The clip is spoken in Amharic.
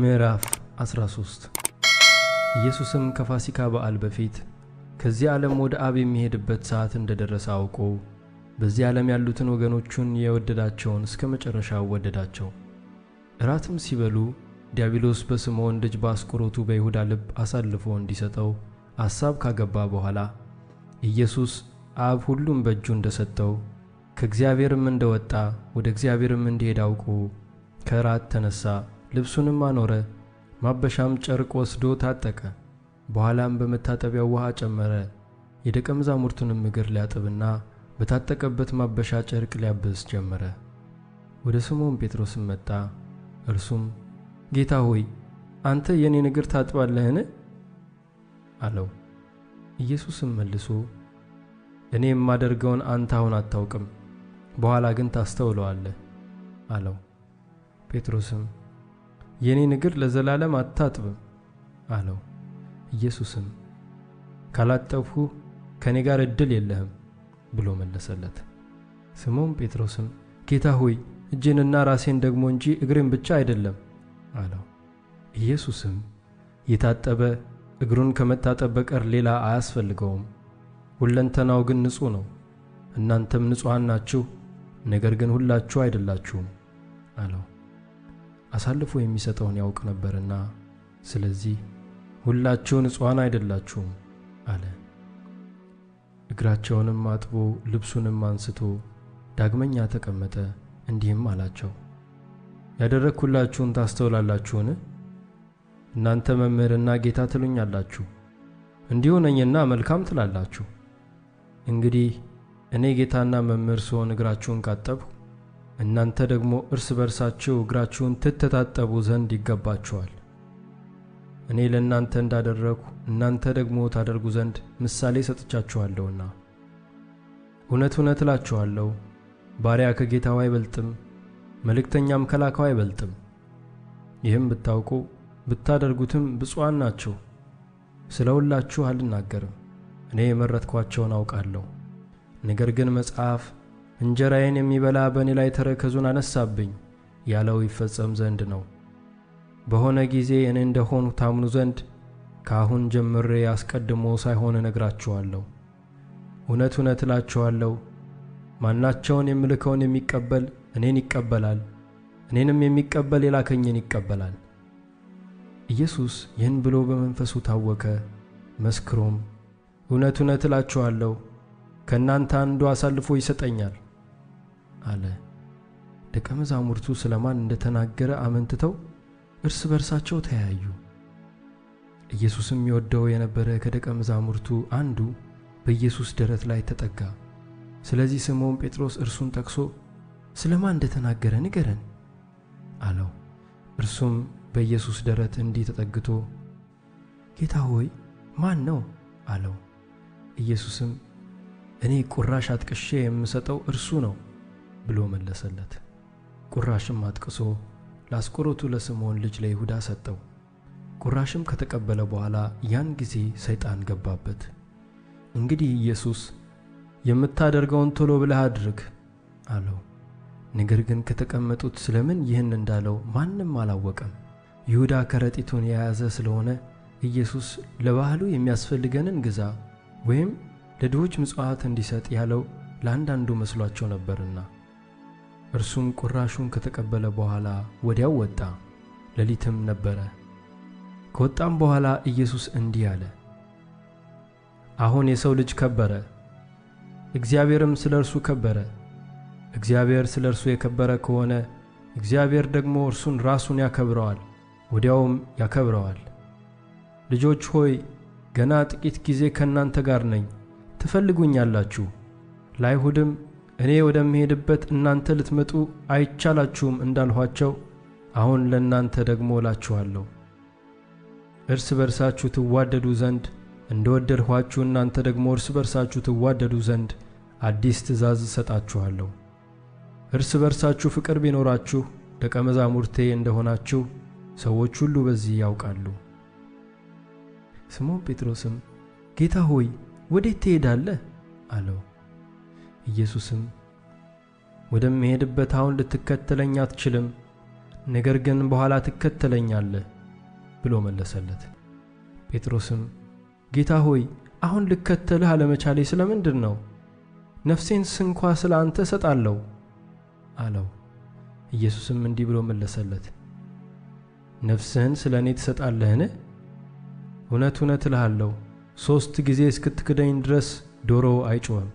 ምዕራፍ 13 ኢየሱስም ከፋሲካ በዓል በፊት ከዚህ ዓለም ወደ አብ የሚሄድበት ሰዓት እንደደረሰ አውቆ በዚህ ዓለም ያሉትን ወገኖቹን የወደዳቸውን እስከ መጨረሻው ወደዳቸው። እራትም ሲበሉ ዲያብሎስ በስምዖን ልጅ በአስቆሮቱ በይሁዳ ልብ አሳልፎ እንዲሰጠው አሳብ ካገባ በኋላ ኢየሱስ አብ ሁሉም በእጁ ሰጠው ከእግዚአብሔርም እንደወጣ ወደ እግዚአብሔርም እንዲሄድ አውቆ ከእራት ተነሣ። ልብሱንም አኖረ፣ ማበሻም ጨርቅ ወስዶ ታጠቀ። በኋላም በመታጠቢያው ውሃ ጨመረ፣ የደቀ መዛሙርቱንም እግር ሊያጥብና በታጠቀበት ማበሻ ጨርቅ ሊያብስ ጀመረ። ወደ ስምዖን ጴጥሮስም መጣ። እርሱም ጌታ ሆይ አንተ የእኔን እግር ታጥባለህን? አለው። ኢየሱስም መልሶ እኔ የማደርገውን አንተ አሁን አታውቅም፣ በኋላ ግን ታስተውለዋለህ አለው። ጴጥሮስም የእኔን እግር ለዘላለም አታጥብም አለው። ኢየሱስም ካላጠብሁ ከእኔ ጋር ዕድል የለህም ብሎ መለሰለት። ስምዖን ጴጥሮስም ጌታ ሆይ እጄንና ራሴን ደግሞ እንጂ እግሬን ብቻ አይደለም አለው። ኢየሱስም የታጠበ እግሩን ከመታጠብ በቀር ሌላ አያስፈልገውም፣ ሁለንተናው ግን ንጹሕ ነው። እናንተም ንጹሐን ናችሁ፣ ነገር ግን ሁላችሁ አይደላችሁም አለው። አሳልፎ የሚሰጠውን ያውቅ ነበርና፣ ስለዚህ ሁላችሁ ንጹሐን አይደላችሁም አለ። እግራቸውንም አጥቦ ልብሱንም አንስቶ ዳግመኛ ተቀመጠ፣ እንዲህም አላቸው፦ ያደረግሁላችሁን ታስተውላላችሁን? እናንተ መምህርና ጌታ ትሉኛላችሁ፣ እንዲሁ ነኝና መልካም ትላላችሁ። እንግዲህ እኔ ጌታና መምህር ስሆን እግራችሁን ካጠብሁ እናንተ ደግሞ እርስ በርሳችሁ እግራችሁን ትተታጠቡ ዘንድ ይገባችኋል። እኔ ለእናንተ እንዳደረግሁ እናንተ ደግሞ ታደርጉ ዘንድ ምሳሌ ሰጥቻችኋለሁና። እውነት እውነት እላችኋለሁ፣ ባሪያ ከጌታው አይበልጥም፣ መልእክተኛም ከላካው አይበልጥም። ይህም ብታውቁ ብታደርጉትም ብፁዓን ናችሁ። ስለ ሁላችሁ አልናገርም፣ እኔ የመረጥኳቸውን አውቃለሁ። ነገር ግን መጽሐፍ እንጀራዬን የሚበላ በእኔ ላይ ተረከዙን አነሳብኝ ያለው ይፈጸም ዘንድ ነው። በሆነ ጊዜ እኔ እንደሆኑ ታምኑ ዘንድ ከአሁን ጀምሬ አስቀድሞ ሳይሆን እነግራችኋለሁ። እውነት እውነት እላችኋለሁ ማናቸውን የምልከውን የሚቀበል እኔን ይቀበላል፣ እኔንም የሚቀበል የላከኝን ይቀበላል። ኢየሱስ ይህን ብሎ በመንፈሱ ታወከ፣ መስክሮም እውነት እውነት እላችኋለሁ ከእናንተ አንዱ አሳልፎ ይሰጠኛል አለ። ደቀ መዛሙርቱ ስለ ማን እንደተናገረ አመንትተው እርስ በርሳቸው ተያዩ። ኢየሱስም ይወደው የነበረ ከደቀ መዛሙርቱ አንዱ በኢየሱስ ደረት ላይ ተጠጋ። ስለዚህ ስምዖን ጴጥሮስ እርሱን ጠቅሶ ስለ ማን እንደተናገረ ንገረን አለው። እርሱም በኢየሱስ ደረት እንዲህ ተጠግቶ ጌታ ሆይ ማን ነው አለው። ኢየሱስም እኔ ቁራሽ አጥቅሼ የምሰጠው እርሱ ነው ብሎ መለሰለት። ቁራሽም አጥቅሶ ለአስቆሮቱ ለስምዖን ልጅ ለይሁዳ ሰጠው። ቁራሽም ከተቀበለ በኋላ ያን ጊዜ ሰይጣን ገባበት። እንግዲህ ኢየሱስ የምታደርገውን ቶሎ ብለህ አድርግ አለው። ነገር ግን ከተቀመጡት ስለምን ይህን እንዳለው ማንም አላወቀም። ይሁዳ ከረጢቱን የያዘ ስለሆነ ኢየሱስ ለባህሉ የሚያስፈልገንን ግዛ ወይም ለድሆች ምጽዋት እንዲሰጥ ያለው ለአንዳንዱ መስሏቸው ነበርና። እርሱም ቁራሹን ከተቀበለ በኋላ ወዲያው ወጣ፣ ሌሊትም ነበረ። ከወጣም በኋላ ኢየሱስ እንዲህ አለ፦ አሁን የሰው ልጅ ከበረ፣ እግዚአብሔርም ስለ እርሱ ከበረ። እግዚአብሔር ስለ እርሱ የከበረ ከሆነ እግዚአብሔር ደግሞ እርሱን ራሱን ያከብረዋል፣ ወዲያውም ያከብረዋል። ልጆች ሆይ ገና ጥቂት ጊዜ ከእናንተ ጋር ነኝ፣ ትፈልጉኛላችሁ። ለአይሁድም እኔ ወደምሄድበት እናንተ ልትመጡ አይቻላችሁም እንዳልኋቸው አሁን ለእናንተ ደግሞ እላችኋለሁ። እርስ በርሳችሁ ትዋደዱ ዘንድ እንደ ወደድኋችሁ እናንተ ደግሞ እርስ በርሳችሁ ትዋደዱ ዘንድ አዲስ ትእዛዝ እሰጣችኋለሁ። እርስ በርሳችሁ ፍቅር ቢኖራችሁ ደቀ መዛሙርቴ እንደሆናችሁ ሰዎች ሁሉ በዚህ ያውቃሉ። ስምዖን ጴጥሮስም ጌታ ሆይ ወዴት ትሄዳለህ? አለው። ኢየሱስም ወደምሄድበት አሁን ልትከተለኝ አትችልም፣ ነገር ግን በኋላ ትከተለኛለህ ብሎ መለሰለት። ጴጥሮስም ጌታ ሆይ አሁን ልከተልህ አለመቻሌ ስለ ምንድን ነው? ነፍሴን ስንኳ ስለ አንተ እሰጣለሁ አለው። ኢየሱስም እንዲህ ብሎ መለሰለት፣ ነፍስህን ስለ እኔ ትሰጣለህን? እውነት እውነት እልሃለሁ ሦስት ጊዜ እስክትክደኝ ድረስ ዶሮ አይጮህም።